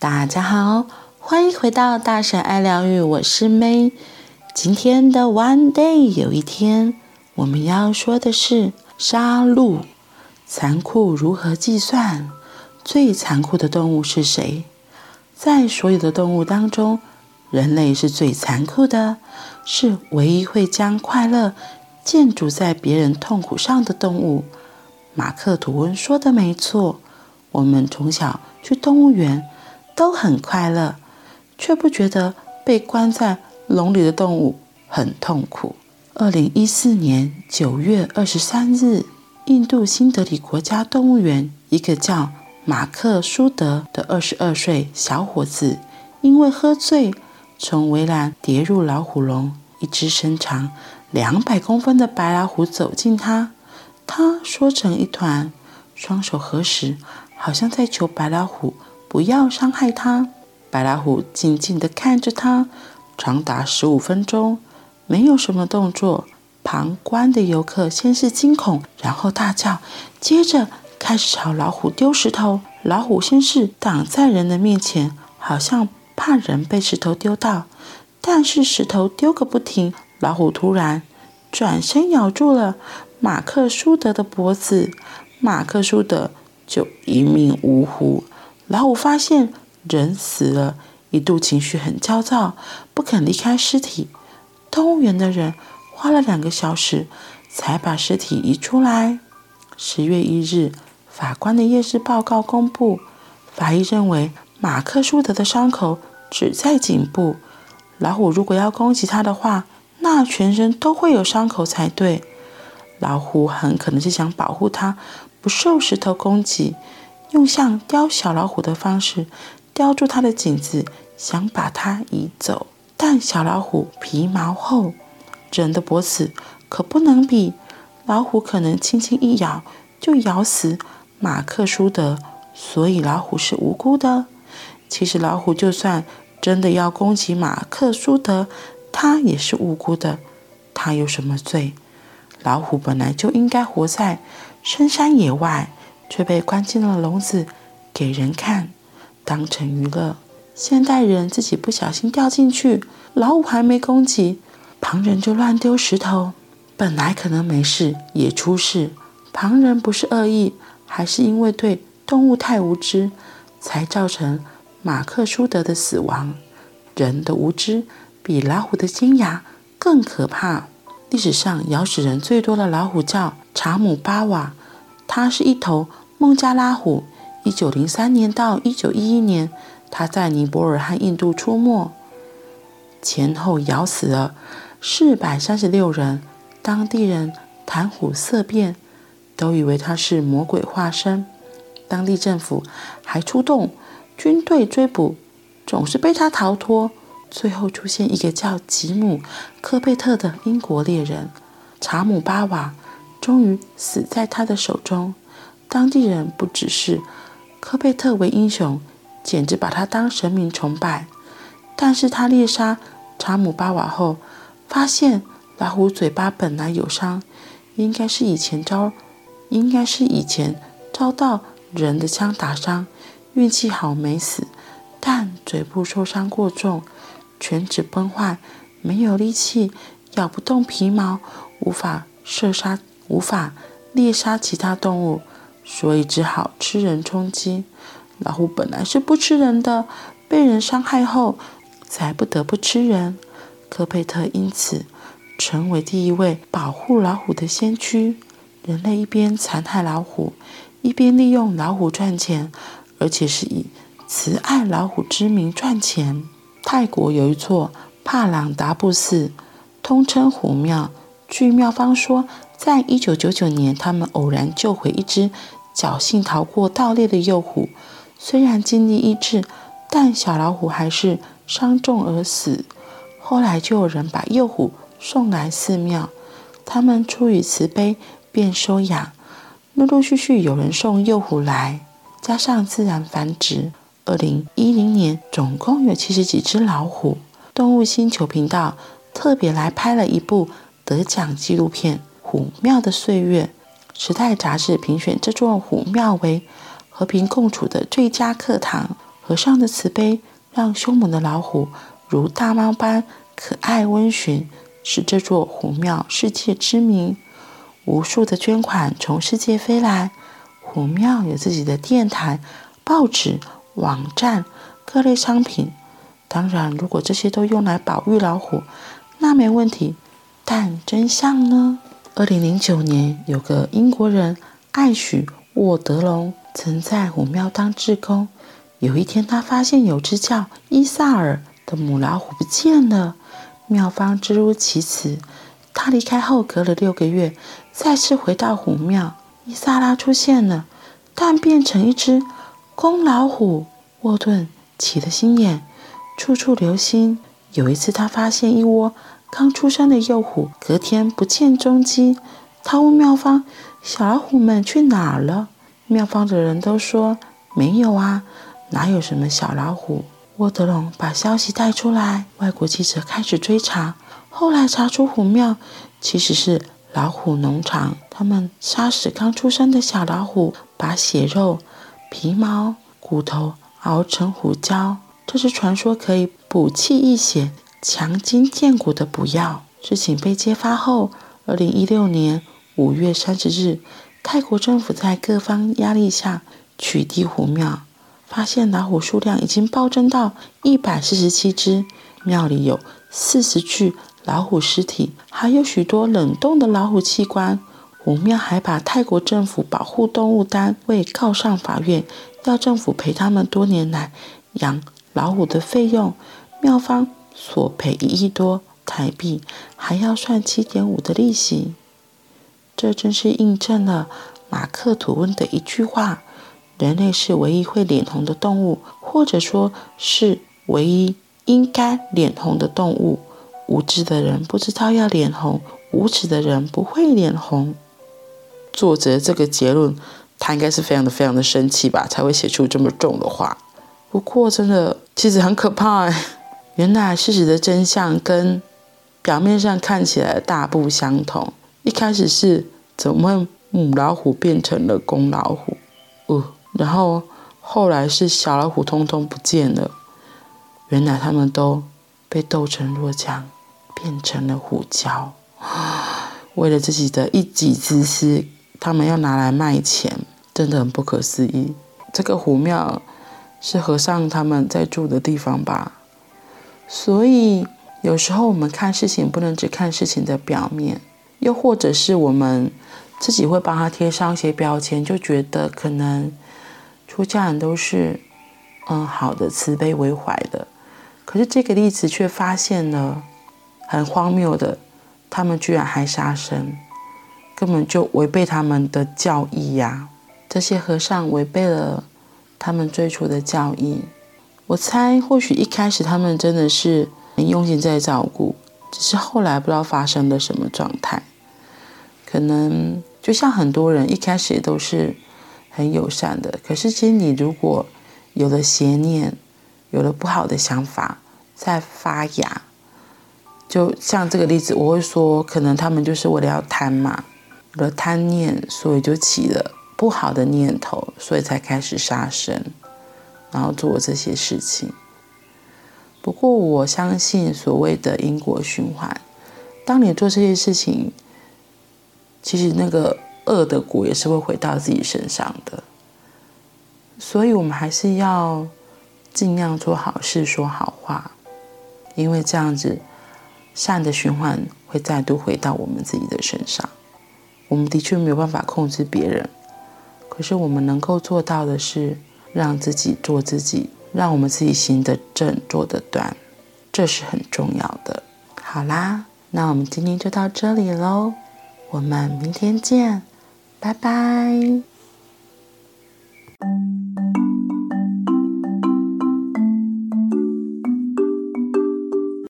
大家好，歡迎回到大嬸愛療癒，我是 May。今天的 One Day，有一天，我們要說的是殺戮，殘酷如何計算？最殘酷的動物是誰？在所有的動物當中，人類是最殘酷的，是唯一會將快樂建築在別人痛苦上的動物。馬克·吐溫說的沒錯，我們從小去動物園。都很快樂，卻不覺得被關在籠裡的動物很痛苦。二零一四年九月二十三日，印度新德里國家動物園，一個叫馬克·舒德的二十二歲小伙子，因為喝醉，從圍欄跌入老虎籠。一隻身長兩百公分的白老虎走近他，他縮成一團，雙手合十，好像在求白老虎，不要傷害它。白老虎靜靜地看着它，長達十五分鐘，沒有什麼動作。旁觀的遊客先是驚恐，然後大叫，接着開始朝老虎丟石頭。老虎先是擋在人的面前，好像怕人被石頭丟到，但是石頭丟個不停。老虎突然轉身咬住了馬克·舒德的脖子，馬克·舒德就一命嗚呼。老虎發現人死了，一度情緒很焦躁，不肯離開屍體。動物園的人花了兩個小時才把屍體移出來。十月一日，法官的驗屍報告公布，法醫認為馬克舒德的傷口只在頸部。老虎如果要攻擊他的話，那全身都會有傷口才對。老虎很可能是想保護他，不受石頭攻擊。用像叼小老虎的方式叼住它的頸子，想把它移走，但小老虎皮毛厚，人的脖子可不能比。老虎可能輕輕一咬就咬死馬克·舒德，所以老虎是無辜的。其實老虎就算真的要攻擊馬克·舒德，它也是無辜的。它有什麼罪？老虎本來就應該活在深山野外，卻被關進了籠子，給人看，當成娛樂。現代人自己不小心掉進去，老虎還沒攻擊，旁人就亂丟石頭，本來可能沒事也出事。旁人不是惡意，還是因為對動物太無知，才造成馬克舒德的死亡。人的無知比老虎的尖牙更可怕。歷史上咬死人最多的老虎叫查姆巴瓦。他是一頭孟加拉虎，一九零三年到一九一一年，他在尼泊爾和印度出沒，前後咬死了四百三十六人，當地人談虎色變，都以為他是魔鬼化身。當地政府還出動軍隊追捕，總是被他逃脫。最後出現一個叫吉姆·科貝特的英國獵人，查姆巴瓦終於死在他的手中。當地人不只是科貝特為英雄，簡直把他當神明崇拜。但是他獵殺查姆巴瓦後，發現老虎嘴巴本來有傷，應該是以前遭應該是以前遭到人的槍打傷，運氣好沒死，但嘴部受傷過重，犬齒崩壞，沒有力氣咬不動皮毛，無法射殺。無法獵殺其他動物，所以只好吃人充飢。老虎本來是不吃人的，被人傷害後才不得不吃人。科佩特因此成為第一位保護老虎的先驅。人類一邊殘害老虎，一邊利用老虎賺錢，而且是以慈愛老虎之名賺錢。泰國有一座帕朗達布寺，通稱虎廟。據廟方說，在一九九九年，他們偶然救回一隻僥倖逃過盜獵的幼虎。雖然盡力醫治，但小老虎還是傷重而死。後來就有人把幼虎送來寺廟，他們出於慈悲便收養。陸陸續續有人送幼虎來，加上自然繁殖，二零一零年總共有七十幾隻老虎。動物星球頻道特別來拍了一部得獎紀錄片。虎廟的歲月，《時代》雜誌評選這座虎廟為和平共處的最佳課堂。和尚的慈悲讓兇猛的老虎如大貓般可愛溫馴，使這座虎廟世界知名。無數的捐款從世界飛來，虎廟有自己的電台、報紙、網站、各類商品。當然，如果這些都用來保育老虎，那沒問題。但真相呢？二零零九年，有個英國人艾許沃德隆曾在虎廟當志工。有一天，他發現有只叫伊薩爾的母老虎不見了，廟方支吾其詞。他離開後，隔了六個月，再次回到虎廟，伊薩拉出現了，但變成一只公老虎。沃頓起了心眼，處處留心。有一次，他發現一窩。剛出生的幼虎隔天不見蹤跡，他問廟方：“小老虎們去哪兒了？”廟方的人都說：“沒有啊，哪有什麼小老虎？”沃德隆把消息帶出來，外國記者開始追查。後來查出虎廟其實是老虎農場，他們殺死剛出生的小老虎，把血肉、皮毛、骨頭熬成虎膠，這是傳說可以補氣益血，強筋健骨的補藥。事情被揭發後，二零一六年五月三十日，泰國政府在各方壓力下取締虎廟，發現老虎數量已經暴增到一百四十七隻，廟裡有四十具老虎屍體，還有許多冷凍的老虎器官。虎廟還把泰國政府保護動物單位告上法院，要政府賠他們多年來養老虎的費用。廟方。索賠一億多台幣，還要算七點五的利息，這真是印證了馬克吐溫的一句話：“人類是唯一會臉紅的動物，或者說是唯一應該臉紅的動物。無知的人不知道要臉紅，無恥的人不會臉紅。”作者這個結論，他應該是非常的非常的生氣吧，才會寫出這麼重的話。不過，真的其實很可怕哎。原來事實的真相跟表面上看起來大不相同。一開始是怎麼母老虎變成了公老虎？呃，然後後來是小老虎通通不見了。原來他們都被鬥成弱將，變成了虎膠。為了自己的一己之私，他們要拿來賣錢，真的很不可思議。這個虎廟是和尚他們在住的地方吧？所以有時候我們看事情不能只看事情的表面，又或者是我們自己會幫他貼上一些標籤，就覺得可能出家人都是嗯好的，慈悲為懷的。可是這個例子卻發現了很荒謬的，他們居然還殺生，根本就違背他們的教義呀、啊！這些和尚違背了他們最初的教義。我猜，或許一開始他們真的是很用心在照顧，只是後來不知道發生了什麼狀態。可能就像很多人一開始也都是很友善的，可是其實你如果有了邪念，有了不好的想法在發芽，就像這個例子，我會說，可能他們就是為了要貪嘛，有了貪念，所以就起了不好的念頭，所以才開始殺生。然後做這些事情，不過我相信所謂的因果循環，當你做這些事情，其實那個惡的果也是會回到自己身上的。所以，我們還是要儘量做好事、說好話，因為這樣子善的循環會再度回到我們自己的身上。我們的確沒有辦法控制別人，可是我們能夠做到的是，讓自己做自己，讓我們自己行得正，坐得端，這是很重要的。好啦，那我們今天就到這裡嘍，我們明天見，拜拜。